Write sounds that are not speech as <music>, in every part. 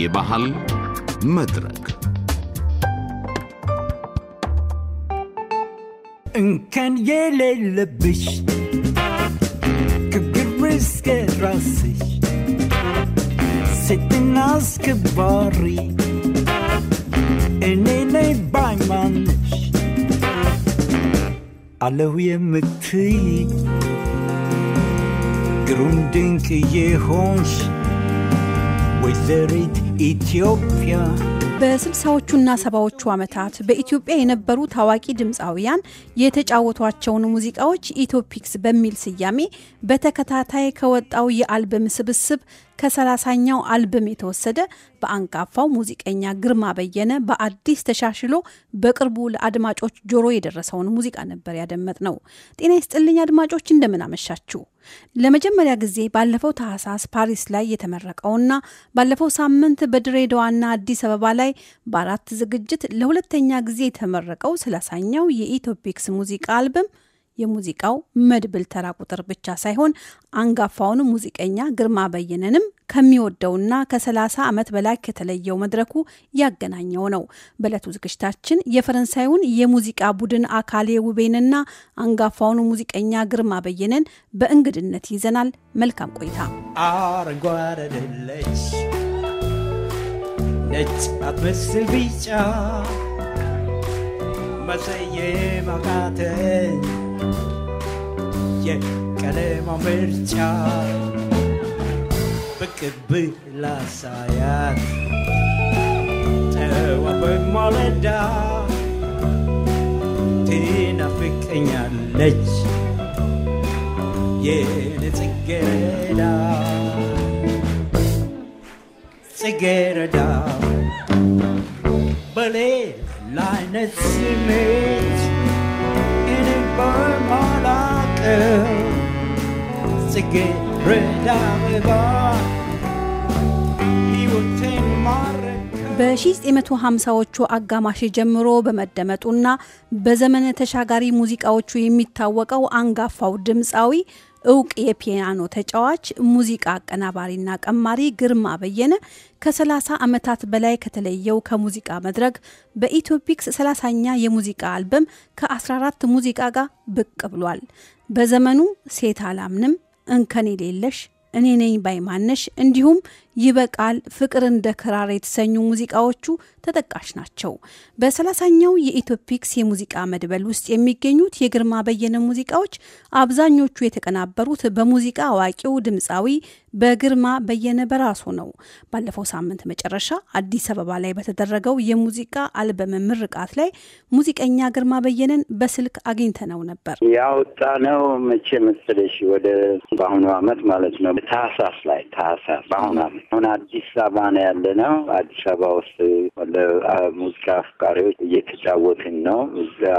የባህል መድረክ እንከን የሌለብሽ ክብር እስከ ራስሽ ሴትና አስከባሪ እኔ ነኝ ባይማንሽ አለሁ የምትይ ግሩም ድንቅ የሆንሽ ወይዘሪት ኢትዮጵያ በስልሳዎቹና ሰባዎቹ ዓመታት በኢትዮጵያ የነበሩ ታዋቂ ድምፃውያን የተጫወቷቸውን ሙዚቃዎች ኢትዮፒክስ በሚል ስያሜ በተከታታይ ከወጣው የአልበም ስብስብ ከሰላሳኛው አልበም የተወሰደ በአንጋፋው ሙዚቀኛ ግርማ በየነ በአዲስ ተሻሽሎ በቅርቡ ለአድማጮች ጆሮ የደረሰውን ሙዚቃ ነበር ያደመጥ ነው። ጤና ይስጥልኝ አድማጮች፣ እንደምን አመሻችሁ። ለመጀመሪያ ጊዜ ባለፈው ታህሳስ ፓሪስ ላይ የተመረቀውና ባለፈው ሳምንት በድሬዳዋና አዲስ አበባ ላይ በአራት ዝግጅት ለሁለተኛ ጊዜ የተመረቀው ሰላሳኛው የኢትዮፒክስ ሙዚቃ አልበም የሙዚቃው መድብል ተራ ቁጥር ብቻ ሳይሆን አንጋፋውን ሙዚቀኛ ግርማ በየነንም ከሚወደውና ከ30 ዓመት በላይ ከተለየው መድረኩ ያገናኘው ነው። በዕለቱ ዝግጅታችን የፈረንሳዩን የሙዚቃ ቡድን አካሌ ውቤንና አንጋፋውን ሙዚቀኛ ግርማ በየነን በእንግድነት ይዘናል። መልካም ቆይታ። ነጭ አትመስል ቢጫ መሰየ ማካተኝ የቀለማ ምርጫ በቅብህ ላሳያት ተዋበኝ ማለዳ ትናፍቀኛለች የኔ ጽጌረዳ ጽጌረዳ በሌላ አይነት ስሜት in it by my get rid of it all. በ1950ዎቹ አጋማሽ ጀምሮ በመደመጡና በዘመነ ተሻጋሪ ሙዚቃዎቹ የሚታወቀው አንጋፋው ድምፃዊ እውቅ የፒያኖ ተጫዋች ሙዚቃ አቀናባሪና ቀማሪ ግርማ በየነ ከ30 ዓመታት በላይ ከተለየው ከሙዚቃ መድረክ በኢትዮፒክስ 30ኛ የሙዚቃ አልበም ከ14 ሙዚቃ ጋር ብቅ ብሏል። በዘመኑ ሴት አላምንም፣ እንከን የሌለሽ እኔ ነኝ ባይማነሽ፣ እንዲሁም ይበቃል፣ ፍቅር እንደ ክራር የተሰኙ ሙዚቃዎቹ ተጠቃሽ ናቸው። በሰላሳኛው የኢትዮፒክስ የሙዚቃ መድበል ውስጥ የሚገኙት የግርማ በየነ ሙዚቃዎች አብዛኞቹ የተቀናበሩት በሙዚቃ አዋቂው ድምፃዊ በግርማ በየነ በራሱ ነው። ባለፈው ሳምንት መጨረሻ አዲስ አበባ ላይ በተደረገው የሙዚቃ አልበም ምርቃት ላይ ሙዚቀኛ ግርማ በየነን በስልክ አግኝተነው ነበር። ያወጣ ነው መቼ መሰለሽ ወደ በአሁኑ አመት ማለት ነው ታህሳስ ላይ ታህሳስ በአሁኑ አመት አሁን አዲስ አበባ ነው ያለ ነው። አዲስ አበባ ውስጥ ለሙዚቃ አፍቃሪዎች እየተጫወትን ነው።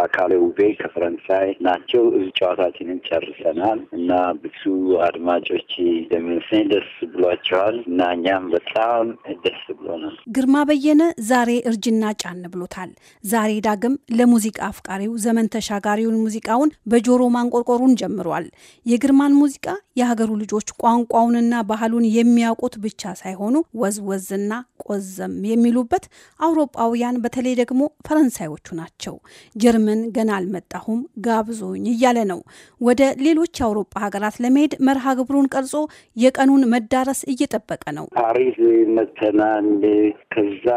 አካል ውቤ ከፈረንሳይ ናቸው። ጨዋታችንን ጨርሰናል እና ብዙ አድማጮች እንደሚመስለኝ ደስ ብሏቸዋል እና እኛም በጣም ደስ ብሎናል። ግርማ በየነ ዛሬ እርጅና ጫን ብሎታል። ዛሬ ዳግም ለሙዚቃ አፍቃሪው ዘመን ተሻጋሪውን ሙዚቃውን በጆሮ ማንቆርቆሩን ጀምሯል። የግርማን ሙዚቃ የሀገሩ ልጆች ቋንቋውንና ባህሉን የሚያውቁት ብቻ ሳይሆኑ ወዝወዝና ቆዘም የሚሉበት አውሮጳውያን በተለይ ደግሞ ፈረንሳዮቹ ናቸው። ጀርመን ገና አልመጣሁም ጋብዞኝ እያለ ነው። ወደ ሌሎች የአውሮጳ ሀገራት ለመሄድ መርሃ ግብሩን ቀርጾ የቀኑን መዳረስ እየጠበቀ ነው። ፓሪስ መተናል። ከዛ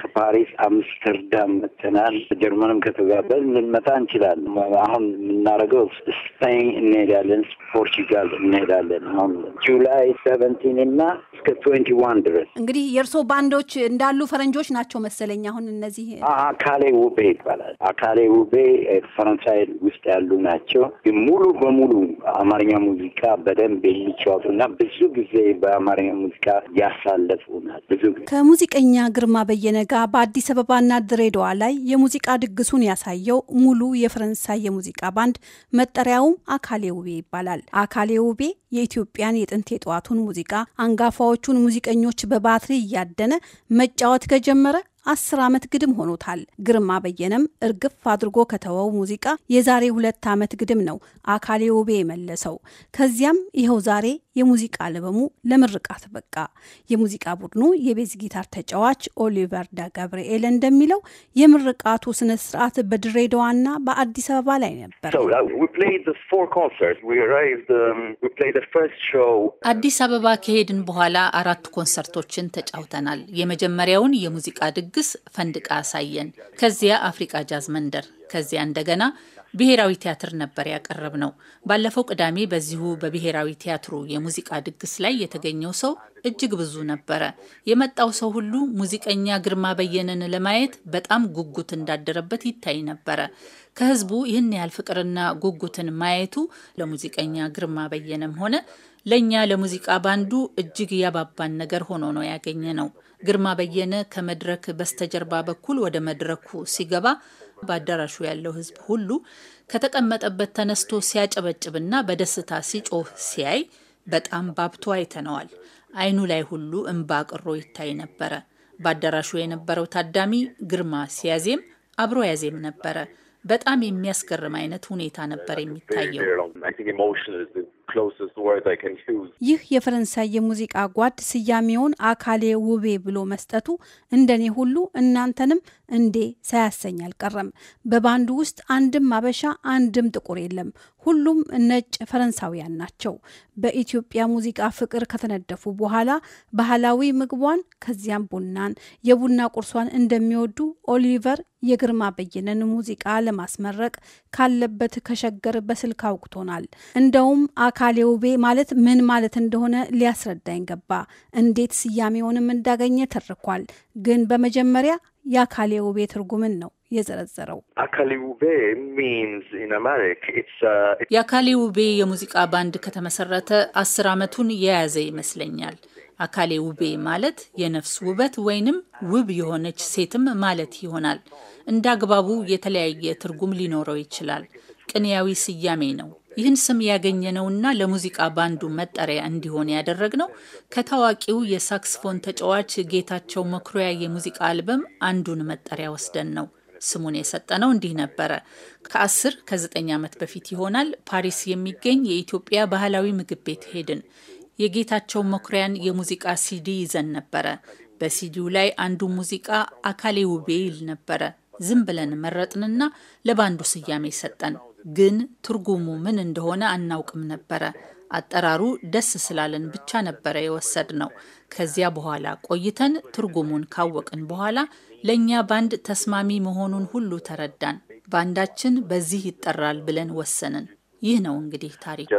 ከፓሪስ አምስተርዳም መተናል። ጀርመንም ከተጋበዝ ልንመጣ እንችላለን። አሁን የምናደርገው ስፔን እንሄዳለን፣ ፖርቹጋል እንሄዳለን። አሁን ጁላይ ሰቨንቲን እና እስከ ትዌንቲ ዋን ድረስ እንግዲህ የእርስዎ ባንዶች እንዳሉ ፈረንጆች ናቸው መሰለኝ። አሁን እነዚህ አካሌ ውቤ ይባላል። አካሌ ውቤ ፈረንሳይ ውስጥ ያሉ ናቸው። ግን ሙሉ በሙሉ አማርኛ ሙዚቃ በደንብ የሚጫወቱ እና ብዙ ጊዜ በአማርኛ ሙዚቃ ያሳለፉ ናቸው። ብዙ ከሙዚቀኛ ግርማ በየነ ጋር በአዲስ አበባና ድሬዳዋ ላይ የሙዚቃ ድግሱን ያሳየው ሙሉ የፈረንሳይ የሙዚቃ ባንድ መጠሪያውም አካሌ ውቤ ይባላል። አካሌ ውቤ የኢትዮጵያን የጥንት የጠዋቱን ሙዚቃ አንጋፋዎች የሙዚቃዎቹን ሙዚቀኞች በባትሪ እያደነ መጫወት ከጀመረ አስር ዓመት ግድም ሆኖታል። ግርማ በየነም እርግፍ አድርጎ ከተወው ሙዚቃ የዛሬ ሁለት ዓመት ግድም ነው አካሌ ውቤ የመለሰው። ከዚያም ይኸው ዛሬ የሙዚቃ አልበሙ ለምርቃት በቃ። የሙዚቃ ቡድኑ የቤዝ ጊታር ተጫዋች ኦሊቨር ዳ ገብርኤል እንደሚለው የምርቃቱ ስነ ስርዓት በድሬዳዋና በአዲስ አበባ ላይ ነበር። uh, um, አዲስ አበባ ከሄድን በኋላ አራት ኮንሰርቶችን ተጫውተናል። የመጀመሪያውን የሙዚቃ ድግስ ፈንድቃ አሳየን፣ ከዚያ አፍሪቃ ጃዝ መንደር፣ ከዚያ እንደገና ብሔራዊ ቲያትር ነበር ያቀረብ ነው። ባለፈው ቅዳሜ በዚሁ በብሔራዊ ቲያትሩ የሙዚቃ ድግስ ላይ የተገኘው ሰው እጅግ ብዙ ነበረ። የመጣው ሰው ሁሉ ሙዚቀኛ ግርማ በየነን ለማየት በጣም ጉጉት እንዳደረበት ይታይ ነበረ። ከህዝቡ ይህን ያህል ፍቅርና ጉጉትን ማየቱ ለሙዚቀኛ ግርማ በየነም ሆነ ለእኛ ለሙዚቃ ባንዱ እጅግ ያባባን ነገር ሆኖ ነው ያገኘ ነው። ግርማ በየነ ከመድረክ በስተጀርባ በኩል ወደ መድረኩ ሲገባ በአዳራሹ ያለው ህዝብ ሁሉ ከተቀመጠበት ተነስቶ ሲያጨበጭብና በደስታ ሲጮህ ሲያይ በጣም ባብቶ አይተነዋል። አይኑ ላይ ሁሉ እምባ ቅሮ ይታይ ነበረ። በአዳራሹ የነበረው ታዳሚ ግርማ ሲያዜም አብሮ ያዜም ነበረ። በጣም የሚያስገርም አይነት ሁኔታ ነበር የሚታየው። ይህ የፈረንሳይ የሙዚቃ ጓድ ስያሜውን አካሌ ውቤ ብሎ መስጠቱ እንደኔ ሁሉ እናንተንም እንዴ ሳያሰኝ አልቀረም። በባንዱ ውስጥ አንድም አበሻ አንድም ጥቁር የለም። ሁሉም ነጭ ፈረንሳውያን ናቸው። በኢትዮጵያ ሙዚቃ ፍቅር ከተነደፉ በኋላ ባህላዊ ምግቧን ከዚያም ቡናን፣ የቡና ቁርሷን እንደሚወዱ ኦሊቨር የግርማ በየነን ሙዚቃ ለማስመረቅ ካለበት ከሸገር በስልክ አውቅቶናል። እንደውም አካሌ ውቤ ማለት ምን ማለት እንደሆነ ሊያስረዳኝ ገባ። እንዴት ስያሜውንም እንዳገኘ ተርኳል። ግን በመጀመሪያ የአካሌ ውቤ ትርጉምን ነው የዘረዘረው። uh, የአካሌ ውቤ የሙዚቃ ባንድ ከተመሰረተ አስር ዓመቱን የያዘ ይመስለኛል። አካሌ ውቤ ማለት የነፍስ ውበት ወይንም ውብ የሆነች ሴትም ማለት ይሆናል። እንደ አግባቡ የተለያየ ትርጉም ሊኖረው ይችላል። ቅንያዊ ስያሜ ነው። ይህን ስም ያገኘነውና ለሙዚቃ ባንዱ መጠሪያ እንዲሆን ያደረግነው ከታዋቂው የሳክስፎን ተጫዋች ጌታቸው መኩሪያ የሙዚቃ አልበም አንዱን መጠሪያ ወስደን ነው። ስሙን የሰጠነው እንዲህ ነበረ። ከአስር ከዘጠኝ ዓመት በፊት ይሆናል ፓሪስ የሚገኝ የኢትዮጵያ ባህላዊ ምግብ ቤት ሄድን። የጌታቸው መኩሪያን የሙዚቃ ሲዲ ይዘን ነበረ። በሲዲው ላይ አንዱ ሙዚቃ አካሌ ውቤ ይል ነበረ። ዝም ብለን መረጥንና ለባንዱ ስያሜ ሰጠን። ግን ትርጉሙ ምን እንደሆነ አናውቅም ነበረ። አጠራሩ ደስ ስላለን ብቻ ነበረ የወሰድ ነው። ከዚያ በኋላ ቆይተን ትርጉሙን ካወቅን በኋላ ለእኛ ባንድ ተስማሚ መሆኑን ሁሉ ተረዳን። ባንዳችን በዚህ ይጠራል ብለን ወሰንን። ይህ ነው እንግዲህ ታሪክ። <laughs>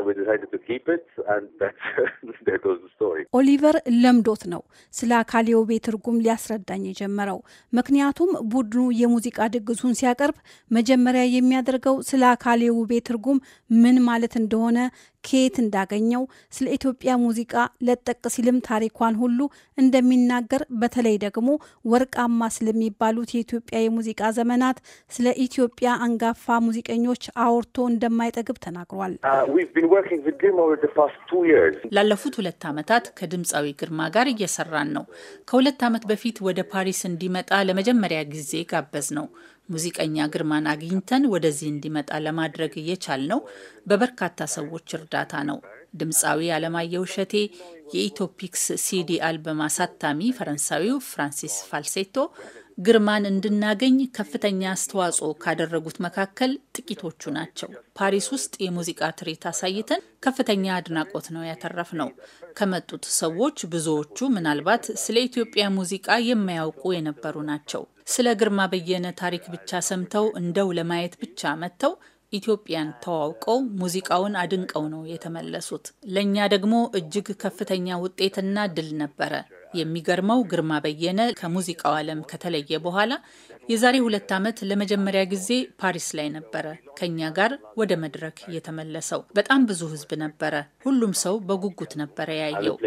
ኦሊቨር ለምዶት ነው ስለ አካሌው ውቤ ትርጉም ሊያስረዳኝ የጀመረው። ምክንያቱም ቡድኑ የሙዚቃ ድግሱን ሲያቀርብ መጀመሪያ የሚያደርገው ስለ አካሌው ውቤ ትርጉም ምን ማለት እንደሆነ ከየት እንዳገኘው ስለ ኢትዮጵያ ሙዚቃ ለጠቅ ሲልም ታሪኳን ሁሉ እንደሚናገር በተለይ ደግሞ ወርቃማ ስለሚባሉት የኢትዮጵያ የሙዚቃ ዘመናት ስለ ኢትዮጵያ አንጋፋ ሙዚቀኞች አውርቶ እንደማይጠግብ ተናግሯል። uh, ላለፉት ሁለት ዓመታት ከድምፃዊ ግርማ ጋር እየሰራን ነው። ከሁለት ዓመት በፊት ወደ ፓሪስ እንዲመጣ ለመጀመሪያ ጊዜ ጋበዝ ነው። ሙዚቀኛ ግርማን አግኝተን ወደዚህ እንዲመጣ ለማድረግ የቻልነው በበርካታ ሰዎች እርዳታ ነው። ድምፃዊ አለማየሁ እሸቴ፣ የኢትዮፒክስ ሲዲ አልበም አሳታሚ ፈረንሳዊው ፍራንሲስ ፋልሴቶ ግርማን እንድናገኝ ከፍተኛ አስተዋጽኦ ካደረጉት መካከል ጥቂቶቹ ናቸው። ፓሪስ ውስጥ የሙዚቃ ትርኢት አሳይተን ከፍተኛ አድናቆት ነው ያተረፍ ነው። ከመጡት ሰዎች ብዙዎቹ ምናልባት ስለ ኢትዮጵያ ሙዚቃ የማያውቁ የነበሩ ናቸው። ስለ ግርማ በየነ ታሪክ ብቻ ሰምተው እንደው ለማየት ብቻ መጥተው ኢትዮጵያን ተዋውቀው ሙዚቃውን አድንቀው ነው የተመለሱት። ለእኛ ደግሞ እጅግ ከፍተኛ ውጤትና ድል ነበረ። የሚገርመው ግርማ በየነ ከሙዚቃው ዓለም ከተለየ በኋላ የዛሬ ሁለት ዓመት ለመጀመሪያ ጊዜ ፓሪስ ላይ ነበረ ከኛ ጋር ወደ መድረክ የተመለሰው። በጣም ብዙ ሕዝብ ነበረ። ሁሉም ሰው በጉጉት ነበረ ያየው።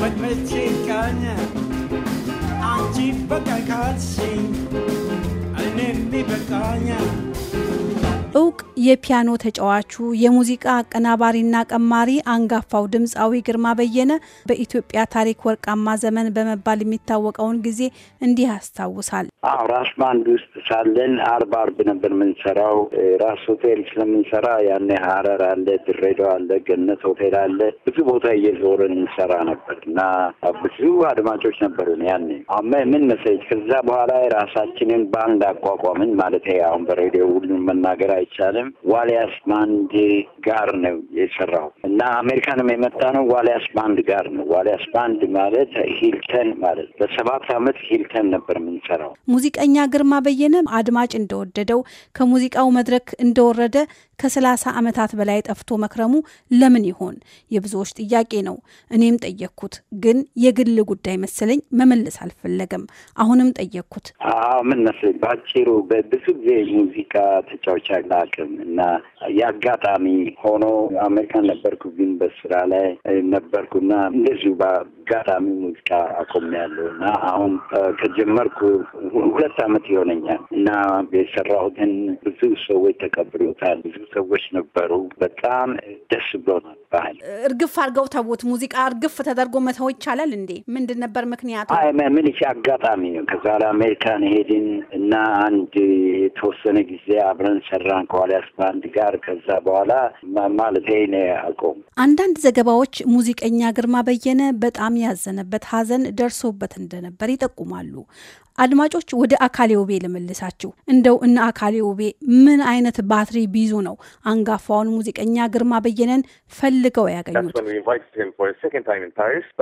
vagy mit csinálnál? Ancsipa kell kacsin, a nem mibe kanyál. እውቅ የፒያኖ ተጫዋቹ የሙዚቃ አቀናባሪና ቀማሪ አንጋፋው ድምፃዊ ግርማ በየነ በኢትዮጵያ ታሪክ ወርቃማ ዘመን በመባል የሚታወቀውን ጊዜ እንዲህ አስታውሳል። አዎ ራስ ባንድ ውስጥ ሳለን አርብ አርብ ነበር የምንሰራው። ራስ ሆቴል ስለምንሰራ ያኔ ሀረር አለ፣ ድሬዳዋ አለ፣ ገነት ሆቴል አለ፣ ብዙ ቦታ እየዞርን እንሰራ ነበር እና ብዙ አድማጮች ነበሩን ያኔ አመ ምን መሰለች ከዛ በኋላ ራሳችንን ባንድ አቋቋምን ማለት አሁን በሬዲዮ ሁሉን መናገር አይቻልም። ዋሊያስ ባንድ ጋር ነው የሰራው እና አሜሪካንም የመጣ ነው ዋሊያስ ባንድ ጋር ነው። ዋሊያስ ባንድ ማለት ሂልተን ማለት በሰባት አመት ሂልተን ነበር የምንሰራው። ሙዚቀኛ ግርማ በየነ አድማጭ እንደወደደው ከሙዚቃው መድረክ እንደወረደ ከሰላሳ አመታት በላይ ጠፍቶ መክረሙ ለምን ይሆን የብዙዎች ጥያቄ ነው። እኔም ጠየቅኩት፣ ግን የግል ጉዳይ መሰለኝ መመለስ አልፈለገም። አሁንም ጠየቅኩት። ምን መሰለኝ በአጭሩ በብዙ ጊዜ ሙዚቃ ተጫዋች አላውቅም እና የአጋጣሚ ሆኖ አሜሪካን ነበርኩ፣ ግን በስራ ላይ ነበርኩና እንደዚሁ በአጋጣሚ ሙዚቃ አቆሜያለሁ እና አሁን ከጀመርኩ ሁለት ዓመት ይሆነኛል እና የሰራሁትን ብዙ ሰዎች ተቀብሎታል። ብዙ ሰዎች ነበሩ። በጣም ደስ ብሎናል። ባህል እርግፍ አድርገው ተውት። ሙዚቃ እርግፍ ተደርጎ መተው ይቻላል እንዴ? ምንድን ነበር ምክንያቱ? ምን አጋጣሚ ነው። ከዛ ለአሜሪካን ሄድን እና አንድ የተወሰነ ጊዜ አብረን ሰራ ከዋልያስ ባንድ ጋር ከዛ በኋላ ማለት ይሄን አቆሙ። አንዳንድ ዘገባዎች ሙዚቀኛ ግርማ በየነ በጣም ያዘነበት ሀዘን ደርሶበት እንደነበር ይጠቁማሉ። አድማጮች ወደ አካሌ ውቤ ልመልሳችሁ። እንደው እነ አካሌ ውቤ ምን አይነት ባትሪ ቢዙ ነው አንጋፋውን ሙዚቀኛ ግርማ በየነን ፈልገው ያገኙት?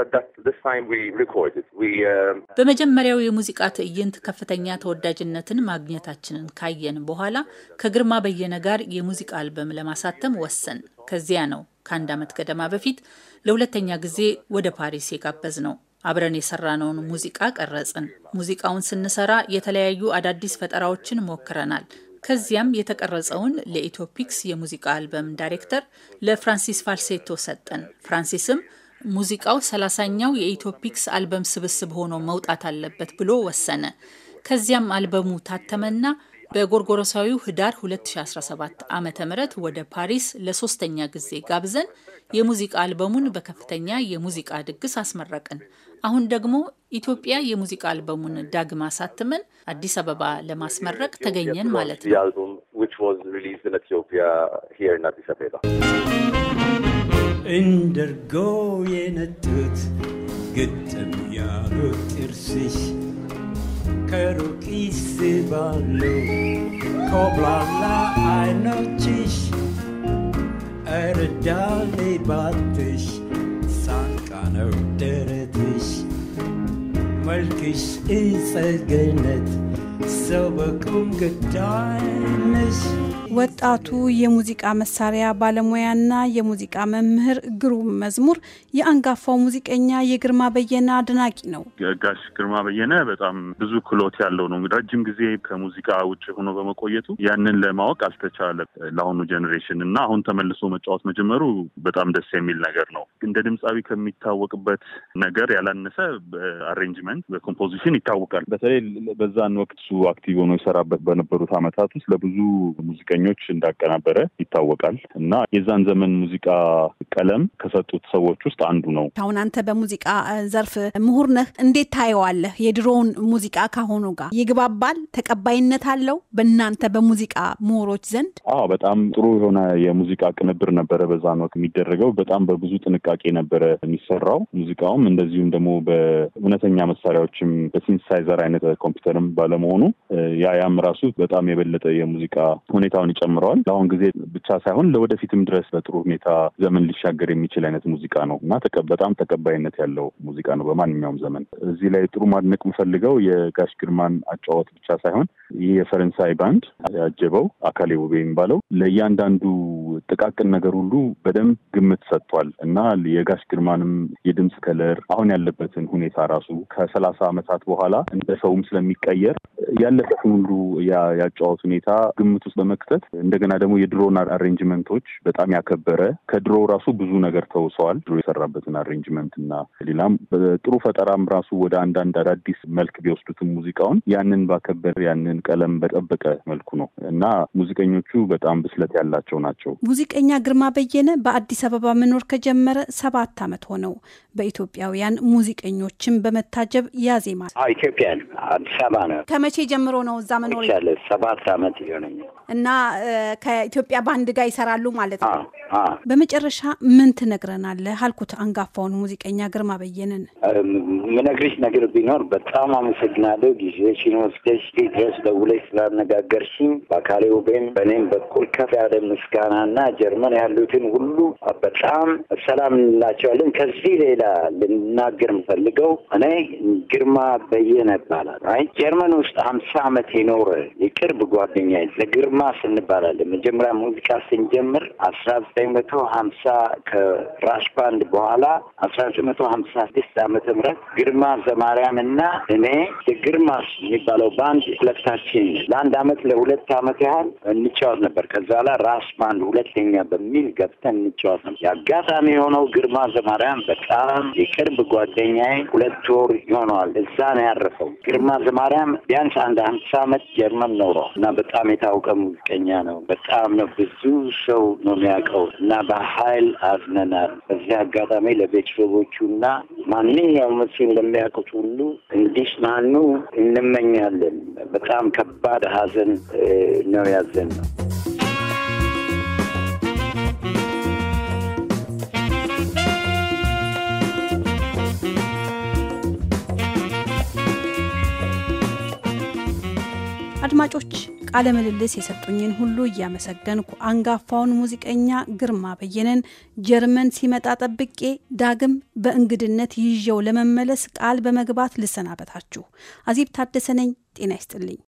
Um, በመጀመሪያው የሙዚቃ ትዕይንት ከፍተኛ ተወዳጅነትን ማግኘታችንን ካየን በኋላ ከግርማ በየነ ጋር የሙዚቃ አልበም ለማሳተም ወሰን። ከዚያ ነው ከአንድ ዓመት ገደማ በፊት ለሁለተኛ ጊዜ ወደ ፓሪስ የጋበዝ ነው። አብረን የሰራነውን ሙዚቃ ቀረጽን። ሙዚቃውን ስንሰራ የተለያዩ አዳዲስ ፈጠራዎችን ሞክረናል። ከዚያም የተቀረጸውን ለኢትዮፒክስ የሙዚቃ አልበም ዳይሬክተር ለፍራንሲስ ፋልሴቶ ሰጠን። ፍራንሲስም ሙዚቃው ሰላሳኛው የኢትዮፒክስ አልበም ስብስብ ሆኖ መውጣት አለበት ብሎ ወሰነ። ከዚያም አልበሙ ታተመና በጎርጎረሳዊው ህዳር 2017 ዓ ም ወደ ፓሪስ ለሶስተኛ ጊዜ ጋብዘን የሙዚቃ አልበሙን በከፍተኛ የሙዚቃ ድግስ አስመረቅን። አሁን ደግሞ ኢትዮጵያ የሙዚቃ አልበሙን ዳግም አሳትመን አዲስ አበባ ለማስመረቅ ተገኘን ማለት ነው። እንደ የነጡት ግጥም ያሉ ጥርስሽ ከሩቂስ ባሉ ኮብላላ አይኖችሽ እርዳል über dich, Sankano, dere dich. Mulkig ist gelnet, so bekommt gedeinig. ወጣቱ የሙዚቃ መሳሪያ ባለሙያና የሙዚቃ መምህር ግሩም መዝሙር የአንጋፋው ሙዚቀኛ የግርማ በየነ አድናቂ ነው። ጋሽ ግርማ በየነ በጣም ብዙ ክሎት ያለው ነው። ረጅም ጊዜ ከሙዚቃ ውጭ ሆኖ በመቆየቱ ያንን ለማወቅ አልተቻለ ለአሁኑ ጀኔሬሽን እና አሁን ተመልሶ መጫወት መጀመሩ በጣም ደስ የሚል ነገር ነው። እንደ ድምፃዊ ከሚታወቅበት ነገር ያላነሰ በአሬንጅመንት በኮምፖዚሽን ይታወቃል። በተለይ በዛን ወቅት እሱ አክቲቭ ሆኖ የሰራበት በነበሩት አመታት ውስጥ ለብዙ ሙዚቀኞች እንዳቀናበረ ይታወቃል እና የዛን ዘመን ሙዚቃ ቀለም ከሰጡት ሰዎች ውስጥ አንዱ ነው። አሁን አንተ በሙዚቃ ዘርፍ ምሁር ነህ፣ እንዴት ታየዋለህ? የድሮውን ሙዚቃ ካሁኑ ጋር ይግባባል? ተቀባይነት አለው በእናንተ በሙዚቃ ምሁሮች ዘንድ? አዎ በጣም ጥሩ የሆነ የሙዚቃ ቅንብር ነበረ በዛን ወቅት የሚደረገው። በጣም በብዙ ጥንቃቄ ነበረ የሚሰራው ሙዚቃውም፣ እንደዚሁም ደግሞ በእውነተኛ መሳሪያዎችም በሲንሳይዘር አይነት ኮምፒውተርም ባለመሆኑ ያ ያም ራሱ በጣም የበለጠ የሙዚቃ ሁኔታውን ይጨምራል። ጨምረዋል። ለአሁን ጊዜ ብቻ ሳይሆን ለወደፊትም ድረስ በጥሩ ሁኔታ ዘመን ሊሻገር የሚችል አይነት ሙዚቃ ነው እና በጣም ተቀባይነት ያለው ሙዚቃ ነው በማንኛውም ዘመን። እዚህ ላይ ጥሩ ማድነቅ የምፈልገው የጋሽ ግርማን አጫወት ብቻ ሳይሆን ይህ የፈረንሳይ ባንድ ያጀበው አካሌ ውቤ የሚባለው ለእያንዳንዱ ጥቃቅን ነገር ሁሉ በደንብ ግምት ሰጥቷል እና የጋሽ ግርማንም የድምፅ ከለር አሁን ያለበትን ሁኔታ ራሱ ከሰላሳ ዓመታት በኋላ እንደ ሰውም ስለሚቀየር ያለበትን ሁሉ ያጫወት ሁኔታ ግምት ውስጥ በመክተት እንደገና ደግሞ የድሮን አሬንጅመንቶች በጣም ያከበረ ከድሮ ራሱ ብዙ ነገር ተውሰዋል። ድሮ የሰራበትን አሬንጅመንት እና ሌላም ጥሩ ፈጠራም ራሱ ወደ አንዳንድ አዳዲስ መልክ ቢወስዱትም ሙዚቃውን ያንን ባከበር ያንን ቀለም በጠበቀ መልኩ ነው እና ሙዚቀኞቹ በጣም ብስለት ያላቸው ናቸው። ሙዚቀኛ ግርማ በየነ በአዲስ አበባ መኖር ከጀመረ ሰባት ዓመት ሆነው በኢትዮጵያውያን ሙዚቀኞችን በመታጀብ ያዜማል። ኢትዮጵያን አዲስ አበባ ነው። ከመቼ ጀምሮ ነው እዛ መኖር? ሰባት አመት ይሆነኛል። እና ከኢትዮጵያ ባንድ ጋር ይሰራሉ ማለት ነው። በመጨረሻ ምን ትነግረናለህ አልኩት አንጋፋውን ሙዚቀኛ ግርማ በየነን። ምነግርሽ ነገር ቢኖር በጣም አመሰግናለሁ። ጊዜሽን ወስደሽ ድረስ ደውለሽ ስላነጋገርሽኝ በአካሌ ውቤን በእኔም በኩል ከፍ ያለ ምስጋናና ጀርመን ያሉትን ሁሉ በጣም ሰላም እንላቸዋለን። ከዚህ ሌላ ልናገር የምፈልገው እኔ ግርማ በየነ እባላለሁ። አይ ጀርመን ውስጥ ሀምሳ ዓመት የኖረ የቅርብ ጓደኛ ለግርማ ስንባላለን። መጀመሪያ ሙዚቃ ስንጀምር አስራ ዘጠኝ መቶ ሀምሳ ከራሽ ባንድ በኋላ አስራ ዘጠኝ መቶ ሀምሳ ስድስት ዓመተ ምህረት ግርማ ዘማርያም እና እኔ የግርማ የሚባለው ባንድ ሁለታችን ለአንድ አመት ለሁለት አመት ያህል እንጫወት ነበር። ከዛ በኋላ ራስ ባንድ ሁለተኛ በሚል ገብተን እንጫወት ነበር። የአጋጣሚ የሆነው ግርማ ዘማርያም በጣም በጣም የቅርብ ጓደኛዬ ሁለት ወር ይሆነዋል እዛ ነው ያረፈው። ግርማ ዘማርያም ቢያንስ አንድ ሀምሳ አመት ጀርመን ኖሮ እና በጣም የታወቀ ሙዚቀኛ ነው። በጣም ነው ብዙ ሰው ነው የሚያውቀው እና በሀይል አዝነናል። በዚህ አጋጣሚ ለቤተሰቦቹ እና ማንኛውም እሱን ለሚያውቁት ሁሉ እንዲጽናኑ እንመኛለን። በጣም ከባድ ሀዘን ነው ያዘን ነው አድማጮች ቃለ ምልልስ የሰጡኝን ሁሉ እያመሰገንኩ አንጋፋውን ሙዚቀኛ ግርማ በየነን ጀርመን ሲመጣ ጠብቄ ዳግም በእንግድነት ይዤው ለመመለስ ቃል በመግባት ልሰናበታችሁ። አዜብ ታደሰ ነኝ። ጤና ይስጥልኝ።